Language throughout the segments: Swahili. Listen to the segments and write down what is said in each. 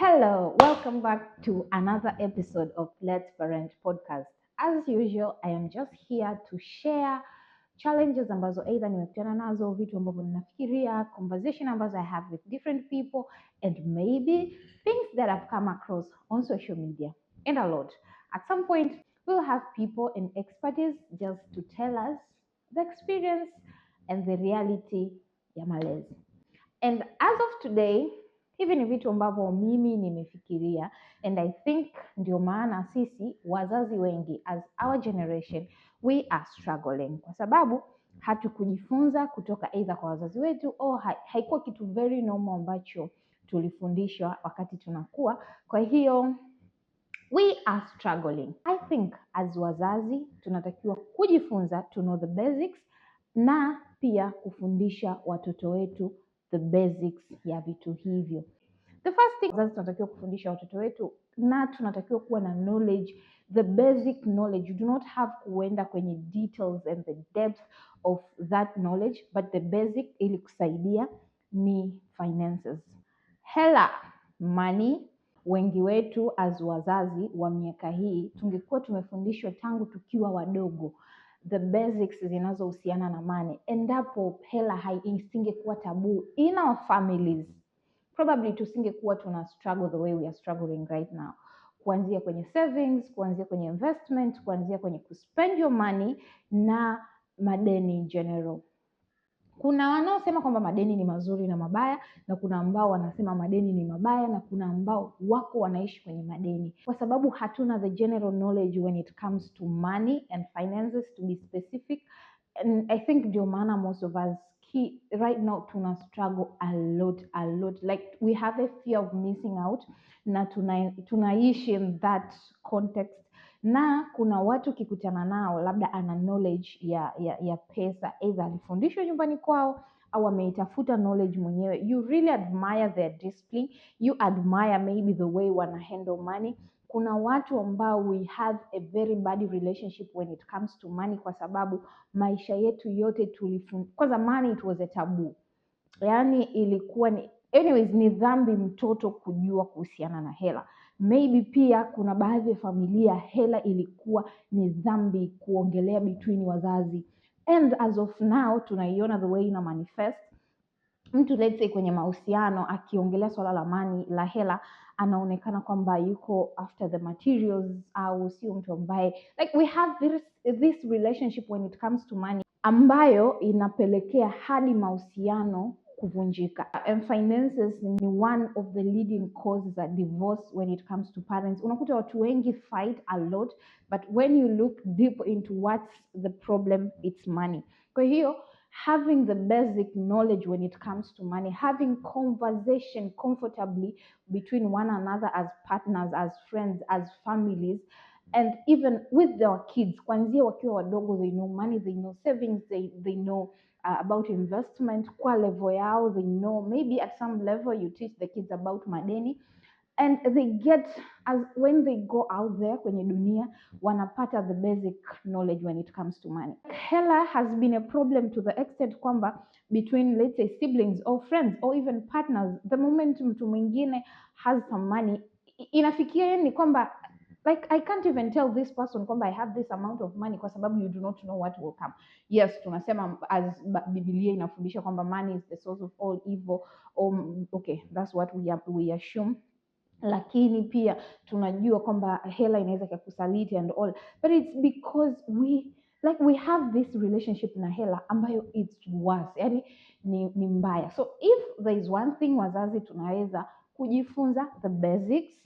Hello, welcome back to another episode of Let's Parent Podcast. As usual, I am just here to share challenges ambazo either nimekutana nazo, vitu ambavyo ninafikiria, conversation ambazo I have with different people and maybe things that I've come across on social media and a lot. At some point, we'll have people and expertise just to tell us the experience and the reality ya malezi. And as of today, Hivi ni vitu ambavyo mimi nimefikiria and I think ndio maana sisi wazazi wengi as our generation we are struggling, kwa sababu hatukujifunza kutoka eidha kwa wazazi wetu oh, haikuwa kitu very normal ambacho tulifundishwa wakati tunakuwa. Kwa hiyo we are struggling. I think as wazazi tunatakiwa kujifunza to know the basics na pia kufundisha watoto wetu the basics ya vitu hivyo. The first thing wazazi tunatakiwa kufundisha watoto wetu, na tunatakiwa kuwa na knowledge, the basic knowledge. You do not have kuenda kwenye details and the depth of that knowledge, but the basic ili kusaidia ni finances, hela, money. Wengi wetu as wazazi wa miaka hii tungekuwa tumefundishwa tangu tukiwa wadogo the basics zinazohusiana na money, endapo hela isingekuwa tabuu in our families probably tusingekuwa tuna struggle the way we are struggling right now kuanzia kwenye savings, kuanzia kwenye investment, kuanzia kwenye kuspend your money na madeni in general. Kuna wanaosema kwamba madeni ni mazuri na mabaya, na kuna ambao wanasema madeni ni mabaya, na kuna ambao wako wanaishi kwenye madeni, kwa sababu hatuna the general knowledge when it comes to money and finances to be specific. And I think ndio maana most of us he right now tuna struggle a lot a lot like we have a fear of missing out na tuna, tunaishi in that context na kuna watu ukikutana nao labda ana knowledge ya ya, ya pesa either alifundishwa nyumbani kwao au ameitafuta knowledge mwenyewe you really admire their discipline you admire maybe the way wana handle money kuna watu ambao we have a very bad relationship when it comes to money, kwa sababu maisha yetu yote tulifundishwa. kwa zamani it was a taboo, yani ilikuwa ni anyways, ni dhambi mtoto kujua kuhusiana na hela. Maybe pia kuna baadhi ya familia hela ilikuwa ni dhambi kuongelea between wazazi, and as of now tunaiona the way ina manifest mtu let's say kwenye mahusiano akiongelea swala la mani la hela anaonekana kwamba yuko after the materials au sio mtu ambaye like we have this, this relationship when it comes to money ambayo inapelekea hadi mahusiano kuvunjika and finances ni one of the leading causes a divorce when it comes to parents unakuta watu wengi fight a lot but when you look deep into what's the problem it's money kwa hiyo having the basic knowledge when it comes to money, having conversation comfortably between one another as partners, as friends, as families, and even with their kids, kwanzia wakiwa wadogo, they know money, they know savings, they, they know uh, about investment, kwa level yao, they know maybe at some level you teach the kids about madeni. and they get as when they go out there kwenye dunia wanapata the basic knowledge when it comes to money hela has been a problem to the extent kwamba between let's say siblings or friends or even partners the moment mtu mwingine has some money inafikia ni kwamba like i can't even tell this person kwamba i have this amount of money kwa sababu you do not know what will come yes tunasema as bibilia inafundisha kwamba money is the source of all evil um, okay that's what we, we assume lakini pia tunajua kwamba hela inaweza ikakusaliti and all but it's because we like we have this relationship na hela ambayo it's worse yani ni, ni mbaya so if there is one thing wazazi tunaweza kujifunza the basics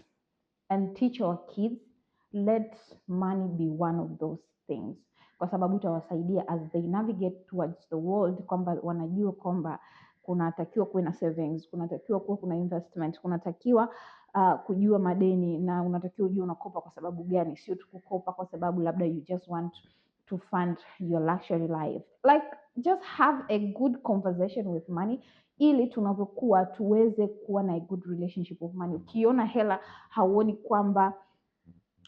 and teach our kids let money be one of those things kwa sababu itawasaidia as they navigate towards the world kwamba wanajua kwamba kunatakiwa kuwe na savings kunatakiwa kuwa kuna investment kunatakiwa uh, kujua madeni na unatakiwa ujue unakopa kwa sababu gani, sio tu kukopa kwa sababu labda you just want to fund your luxury life. Like just have a good conversation with money ili tunavyokuwa tuweze kuwa na a good relationship of money. Ukiona hela hauoni kwamba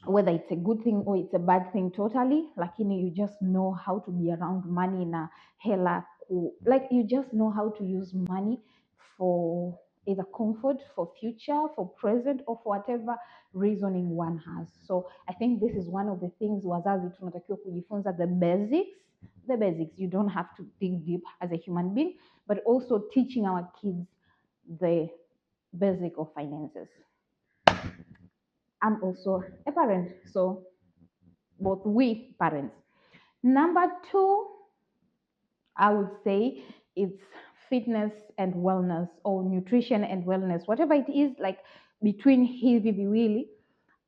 whether it's a good thing or it's a bad thing totally, lakini you just know how to be around money na hela ku, like you just know how to use money for either comfort for future, for present, or for whatever reasoning one has. So I think this is one of the things wazazi tunatakiwa kujifunza the basics, the basics. You don't have to dig deep as a human being, but also teaching our kids the basic of finances. I'm also a parent, so both we parents. Number two, I would say it's fitness and wellness or nutrition and wellness whatever it is like between hivi viwili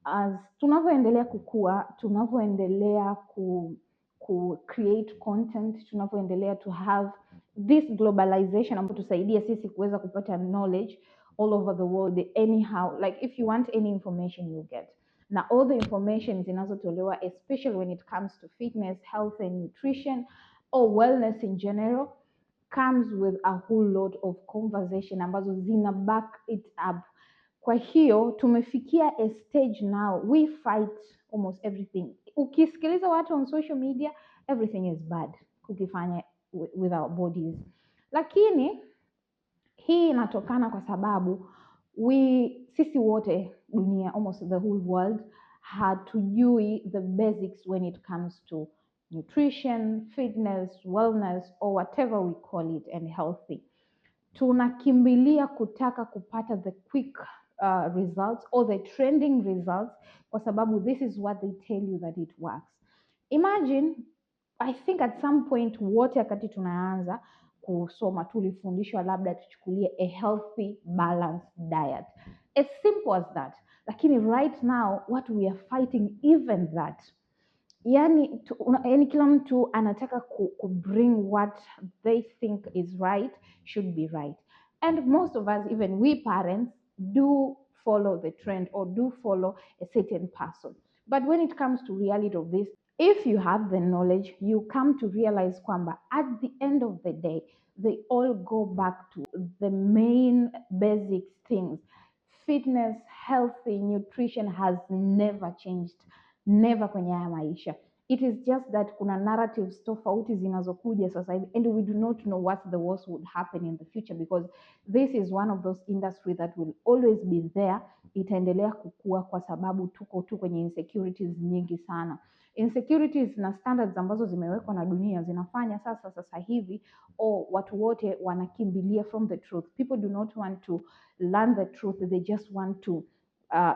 as tunavyoendelea kukua tunavyoendelea ku, ku create content tunavyoendelea to have this globalization ambayo tusaidia sisi kuweza kupata knowledge all over the world anyhow like if you want any information you get na all the information zinazotolewa especially when it comes to fitness health and nutrition or wellness in general comes with a whole lot of conversation ambazo zina back it up. Kwa hiyo tumefikia a stage now we fight almost everything. Ukisikiliza watu on social media, everything is bad ukifanya with our bodies, lakini hii inatokana kwa sababu we sisi wote dunia, almost the whole world, hatujui the basics when it comes to nutrition, fitness, wellness or whatever we call it and healthy. Tunakimbilia kutaka kupata the quick uh, results or the trending results kwa sababu this is what they tell you that it works. Imagine I think at some point wote wakati tunaanza kusoma tulifundishwa labda tuchukulie a healthy balanced diet as simple as that, lakini right now what we are fighting even that yani, tu, una, yani kila mtu anataka ku, ku bring what they think is right should be right and most of us even we parents do follow the trend or do follow a certain person but when it comes to reality of this if you have the knowledge you come to realize kwamba at the end of the day they all go back to the main basic things fitness healthy nutrition has never changed never kwenye haya maisha. It is just that kuna narratives tofauti zinazokuja sasa hivi and we do not know what the worst would happen in the future because this is one of those industry that will always be there, itaendelea kukua kwa sababu tuko tu kwenye insecurities nyingi sana. Insecurities na standards ambazo zimewekwa na dunia zinafanya sasa sasa hivi oh, watu wote wanakimbilia from the truth. People do not want to learn the truth, they just want to uh,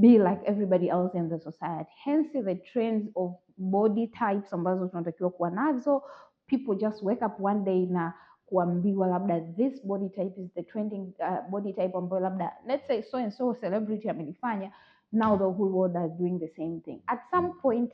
be like everybody else in the society, hence the trends of body types ambazo tunatakiwa kuwa nazo. People just wake up one day na kuambiwa labda this body type is the trending uh, body type ambayo labda let's say so and so celebrity amelifanya. Now the whole world are doing the same thing. At some point,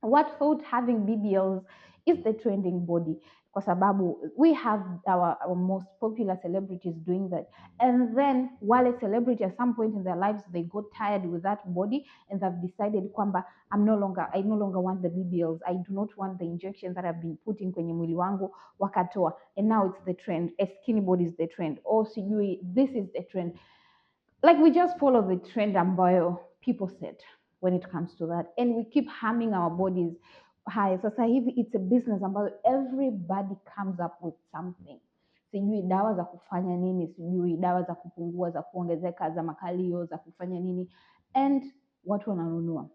what thought having BBLs is the trending body kwa sababu we have our, our most popular celebrities doing that and then while a celebrity at some point in their lives they got tired with that body and they've decided kwamba I'm no longer, i no longer want the bbls i do not want the injections that have been putting kwenye mwili wangu wakatoa and now it's the trend a skinny body is the trend or oh, sijui this is the trend like we just follow the trend ambayo people set when it comes to that and we keep harming our bodies haya sasa hivi it's a business ambayo everybody comes up with something sijui dawa za kufanya nini sijui dawa za kupungua za kuongezeka za makalio za kufanya nini and watu wananunua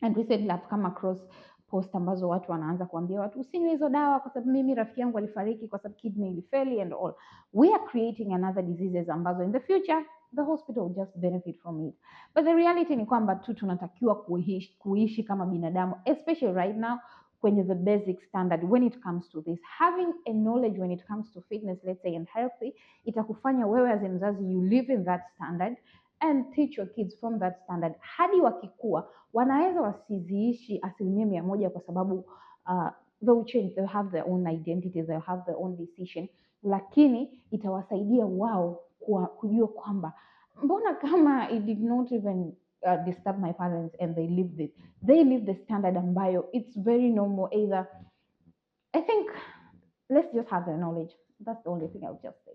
and recently I've come across post ambazo watu wanaanza kuambia watu usinywe hizo dawa kwa sababu mimi rafiki yangu alifariki kwa sababu kidney ilifeli and all we are creating another diseases ambazo in the future the hospital just benefit from it. But the reality ni kwamba tu tunatakiwa kuishi, kuishi kama binadamu especially right now kwenye the basic standard when it comes to this having a knowledge when it comes to fitness let's say and healthy itakufanya wewe as a mzazi you live in that standard and teach your kids from that standard hadi wakikua wanaweza wasiziishi asilimia mia moja kwa sababu uh, they'll change they'll have their own identity they'll have their own decision lakini itawasaidia wao kuwa, kujua kwamba mbona kama it did not even uh, disturb my parents and they lived it. they live the standard ambayo it's very normal either i think let's just have the knowledge that's the only thing i'll just say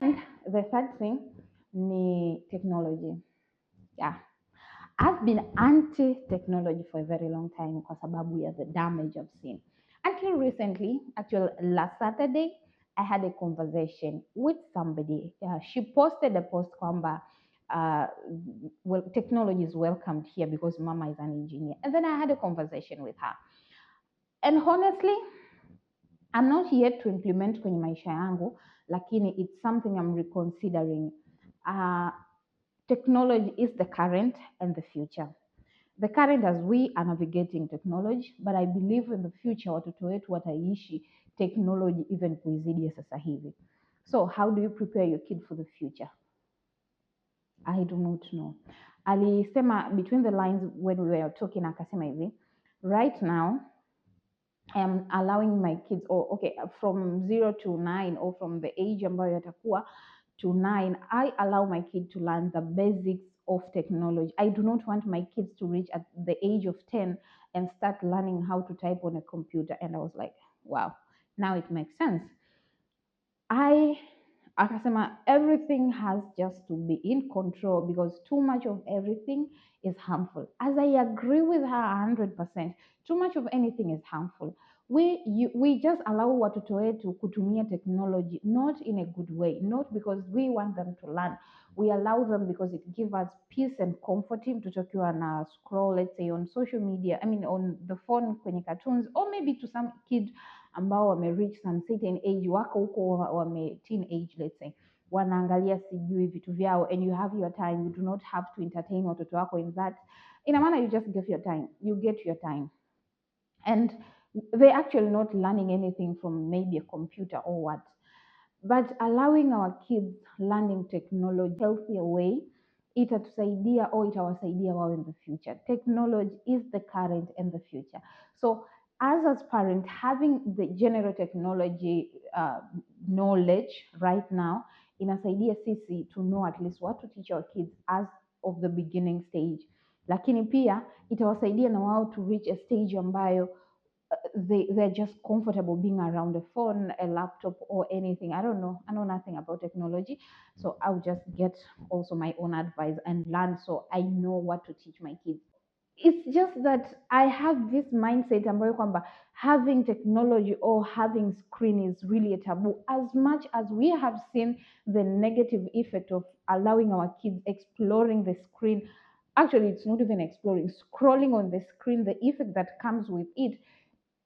and the third thing ni technology yeah I've been anti technology for a very long time because of ya the damage I've seen. Until recently, actually last Saturday, I had a conversation with somebody. Uh, she posted a post kwamba uh, well, technology is welcomed here because mama is an engineer. And then I had a conversation with her. And honestly, I'm not yet to implement kwenye maisha yangu, lakini it's something I'm reconsidering. Uh, technology is the current and the future. The current as we are navigating technology, but I believe in the future watoto wetu wataishi Technology even kuizidi ya sasa hivi. So how do you prepare your kid for the future? I do not know. Alisema between the lines when we were talking, akasema hivi, right now I am allowing my kids or oh, okay, from zero to nine or from the age ambayo yatakuwa to nine, I allow my kid to learn the basics of technology. I do not want my kids to reach at the age of 10 and start learning how to type on a computer. And I was like, wow. now it makes sense i akasema everything has just to be in control because too much of everything is harmful as i agree with her 100% too much of anything is harmful we, you, we just allow watoto wetu kutumia technology not in a good way not because we want them to learn we allow them because it gives us peace and comfort mtoto akiwa na scroll let's say on social media i mean on the phone kwenye cartoons or maybe to some kid ambao wamereach some certain age, wako huko wame teenage let's say, wanaangalia sijui vitu vyao, and you have your time, you do not have to entertain watoto wako in that. Ina maana you just give your time, you get your time and they're actually not learning anything from maybe a computer or what. But allowing our kids learning technology healthier way itatusaidia or itawasaidia wao in the future. Technology is the current and the future. So us as parents having the general technology uh, knowledge right now inasaidia sisi to know at least what to teach our kids as of the beginning stage, lakini pia itawasaidia na wao to reach a stage ambayo uh, they, they're just comfortable being around a phone, a laptop or anything. I don't know. I know nothing about technology. So I'll just get also my own advice and learn so I know what to teach my kids. it's just that I have this mindset ambayo kwamba having technology or having screen is really a taboo as much as we have seen the negative effect of allowing our kids exploring the screen actually it's not even exploring scrolling on the screen the effect that comes with it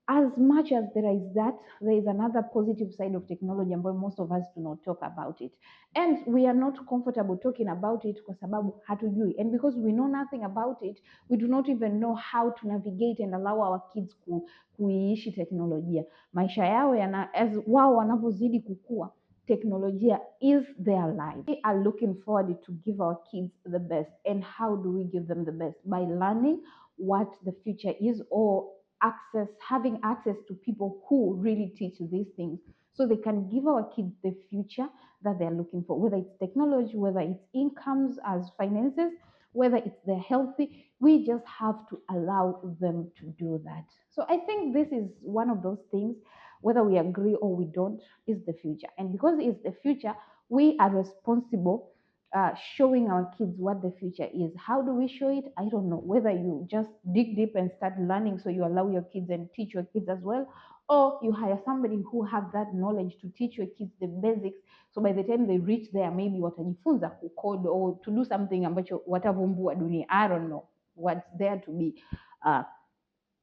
as much as there is that, there is another positive side of technology ambayo most of us do not talk about it and we are not comfortable talking about it kwa sababu hatujui and because we know nothing about it we do not even know how to navigate and allow our kids ku, kuiishi teknolojia maisha yao yana as wao wanavyozidi kukua teknolojia is their life. We are looking forward to give our kids the best. And how do we give them the best? By learning what the future is or access, having access to people who really teach these things so they can give our kids the future that they're looking for, whether it's technology, whether it's incomes as finances, whether it's the healthy. We just have to allow them to do that. So I think this is one of those things, whether we agree or we don't, is the future. And because it's the future, we are responsible uh, showing our kids what the future is. How do we show it? I don't know. Whether you just dig deep and start learning so you allow your kids and teach your kids as well, or you hire somebody who have that knowledge to teach your kids the basics. So by the time they reach there, maybe watajifunza code or to do something ambacho watavumbua dunia. I don't know what's there to be uh,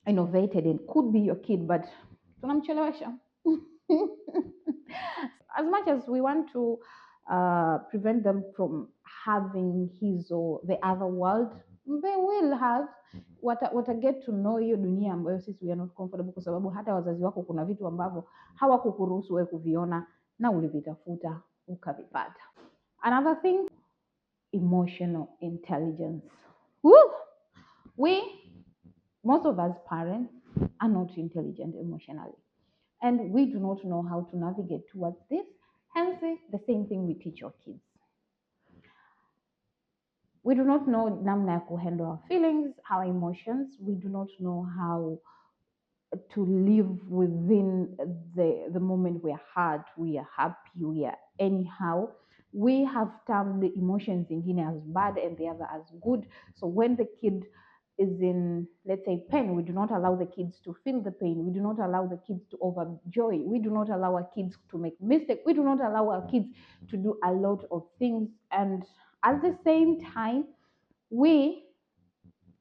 innovated and could be your kid, but tunamchelewesha. as much as we want to Uh, prevent them from having his or the other world they will have mm-hmm. wata, wata get to know hiyo dunia ambayo sisi we are not comfortable, kwa sababu hata wazazi wako kuna vitu ambavyo mm-hmm. hawakukuruhusu wewe kuviona na ulivitafuta ukavipata. Another thing, emotional intelligence. Woo! We most of us parents are not intelligent emotionally and we do not know how to navigate towards this Hence, the same thing we teach our kids. We do not know namna ya handle our feelings, our emotions. We do not know how to live within the, the moment we are hurt, we are happy, we are anyhow. We have termed the emotions in Guinea as bad and the other as good. So when the kid is in, let's say, pain, we do not allow the kids to feel the pain. We do not allow the kids to overjoy. We do not allow our kids to make mistakes. We do not allow our kids to do a lot of things. And at the same time, we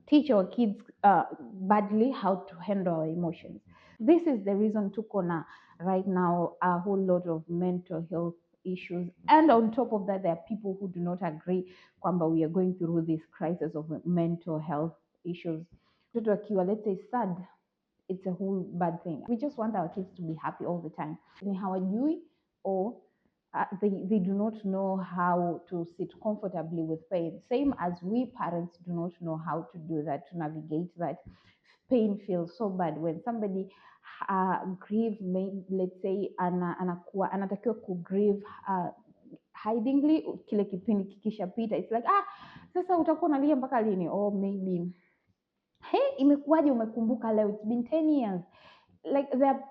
teach our kids uh, badly how to handle our emotions. This is the reason Tukona right now a whole lot of mental health issues. And on top of that, there are people who do not agree kwamba we are going through this crisis of mental health issues. Mtoto akiwa let's say sad, it's a whole bad thing. We just want our kids to be happy all the time. Ni hawajui or uh, they, they do not know how to sit comfortably with pain. Same as we parents do not know how to do that, to navigate that. Pain feels so bad when somebody uh, grieve, let's say ana, anakuwa, anatakiwa grieve uh, hidingly, kile kipindi kikishapita, it's like ah, sasa utakuwa nalia mpaka lini? Or maybe hey, imekuwaje umekumbuka leo it's been 10 years like there are,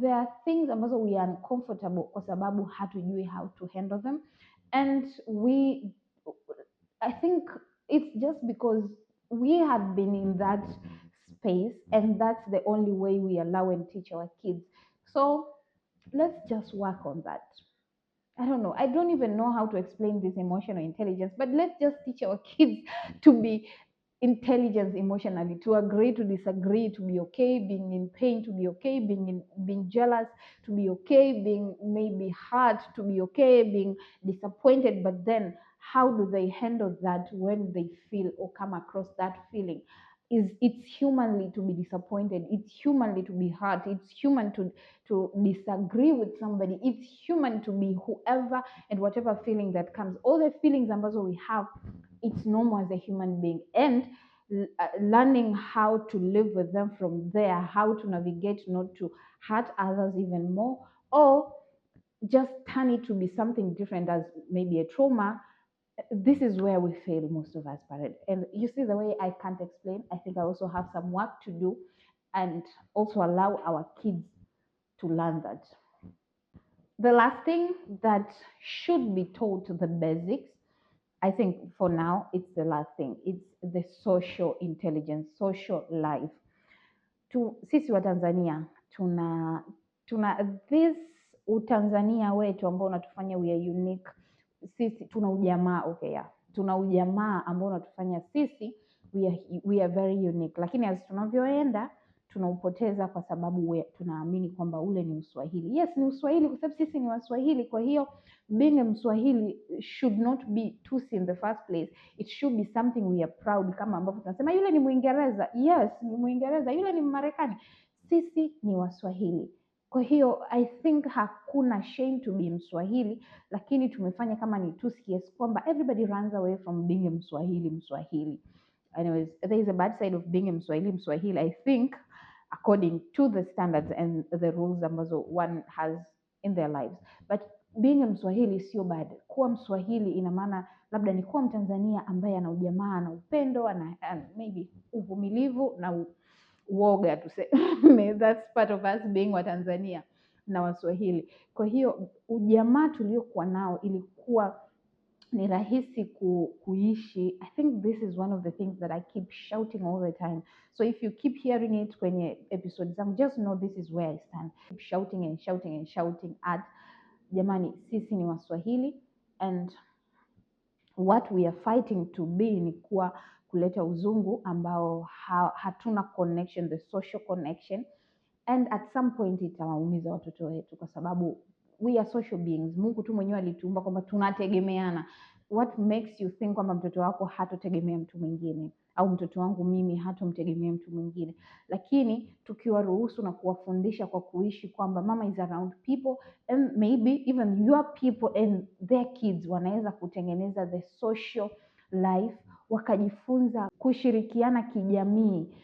there are things ambazo we are uncomfortable kwa sababu hatujui how to handle them and we i think it's just because we have been in that space and that's the only way we allow and teach our kids so let's just work on that I don't know. I don't even know how to explain this emotional intelligence, but let's just teach our kids to be intelligence emotionally to agree to disagree to be okay being in pain to be okay being in, being jealous to be okay being maybe hurt to be okay being disappointed but then how do they handle that when they feel or come across that feeling is it's humanly to be disappointed it's humanly to be hurt it's human to to disagree with somebody it's human to be whoever and whatever feeling that comes all the feelings ambazo we have it's normal as a human being and uh, learning how to live with them from there how to navigate not to hurt others even more or just turn it to be something different as maybe a trauma this is where we fail most of us parents and you see the way i can't explain i think i also have some work to do and also allow our kids to learn that the last thing that should be taught the basics I think for now, it's the last thing. It's the social intelligence, social life. To sisi wa Tanzania, tuna tuna this utanzania wetu ambao unatufanya we are unique. Sisi tuna ujamaa okay, yeah. Tuna ujamaa ambao unatufanya sisi we are, we are very unique, lakini as tunavyoenda tunaupoteza kwa sababu tunaamini kwamba ule ni Uswahili. Yes, ni Uswahili kwa sababu sisi ni Waswahili. Kwa hiyo being a Mswahili should not be Tutsi in the first place, it should be something we are proud, kama ambavyo tunasema yule ni Mwingereza. Yes, ni Mwingereza, yule ni marekani Sisi ni Waswahili. Kwa hiyo I think hakuna shame to be Mswahili, lakini tumefanya kama ni Tutsi kiasi kwamba everybody runs away from being a Mswahili. Mswahili, anyways, there is a bad side of being a Mswahili. Mswahili I think according to the standards and the rules ambazo one has in their lives but being a Mswahili sio bad. Kuwa Mswahili ina maana labda ni kuwa Mtanzania ambaye ana ujamaa, ana upendo, ana maybe uvumilivu na uoga tuseme that's part of us being tanzania na Waswahili. Kwa hiyo ujamaa tuliokuwa nao ilikuwa ni rahisi ku, kuishi i think this is one of the things that i keep shouting all the time so if you keep hearing it kwenye episode zangu just know this is where i stand keep shouting and shouting and shouting at jamani sisi ni waswahili and what we are fighting to be ni kuwa kuleta uzungu ambao ha, hatuna connection the social connection and at some point itawaumiza watoto wetu kwa sababu we are social beings. Mungu tu mwenyewe alituumba kwamba tunategemeana. What makes you think kwamba mtoto wako hatotegemea mtu mwingine au mtoto wangu mimi hatomtegemea mtu mwingine? Lakini tukiwaruhusu na kuwafundisha kwa kuishi kwamba mama is around people and maybe even your people and their kids wanaweza kutengeneza the social life, wakajifunza kushirikiana kijamii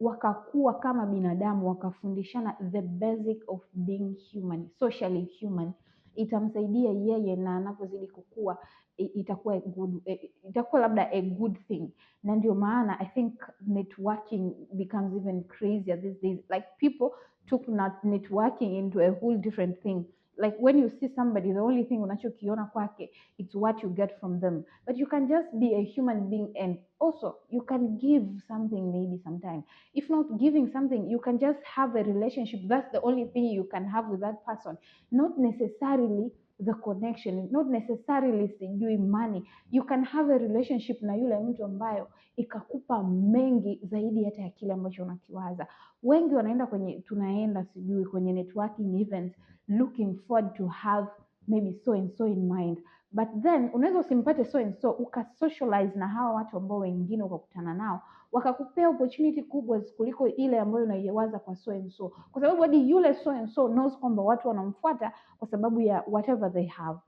wakakuwa kama binadamu, wakafundishana the basic of being human, socially human itamsaidia yeye na anapozidi kukua itakuwa good, e, itakuwa labda a good thing. Na ndio maana I think networking becomes even crazier these days, like people took networking into a whole different thing. like when you see somebody the only thing unachokiona kwake it's what you get from them but you can just be a human being and also you can give something maybe sometime if not giving something you can just have a relationship that's the only thing you can have with that person not necessarily the connection not necessarily sijui money. You can have a relationship na yule mtu ambayo ikakupa mengi zaidi hata ya kile ambacho unakiwaza. Wengi wanaenda kwenye, tunaenda sijui kwenye networking events looking forward to have maybe so and so in mind but then unaweza usimpate so and so, ukasocialize na hawa watu ambao wengine ukakutana nao wakakupea opportunity kubwa kuliko ile ambayo unaiwaza kwa so and so, kwa sababu hadi yule so and so knows kwamba watu wanamfuata kwa sababu ya whatever they have.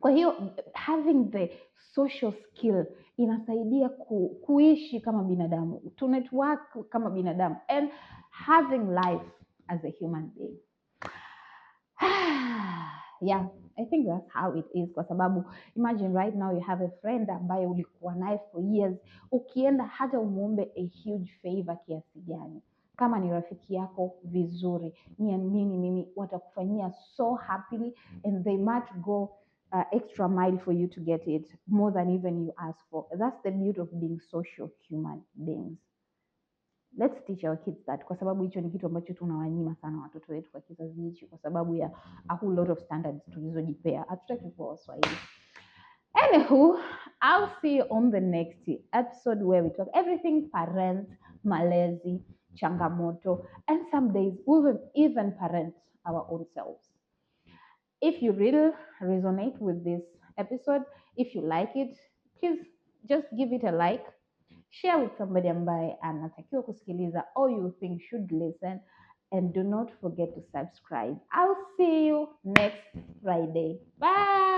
Kwa hiyo having the social skill inasaidia ku, kuishi kama binadamu, to network kama binadamu and having life as a human being yeah. I think that's how it is, kwa sababu imagine right now you have a friend ambaye ulikuwa naye for years, ukienda hata umuombe a huge favor kiasi gani kama ni rafiki yako vizuri, niamini mimi watakufanyia so happily and they might go uh, extra mile for you to get it more than even you ask for. That's the beauty of being social human beings let's teach our kids that, kwa sababu hicho ni kitu ambacho tunawanyima sana watoto wetu kwa kizazi hichi, kwa sababu ya mm-hmm. a whole lot of standards tulizojipea. Hatutaki kuwa Waswahili. Anywho, I'll see you on the next episode where we talk everything parents, malezi, changamoto, and some days we'll even parent our own selves. If you really resonate with this episode, if you like it, please just give it a like share with somebody ambaye anatakiwa kusikiliza or you think should listen and do not forget to subscribe i'll see you next friday bye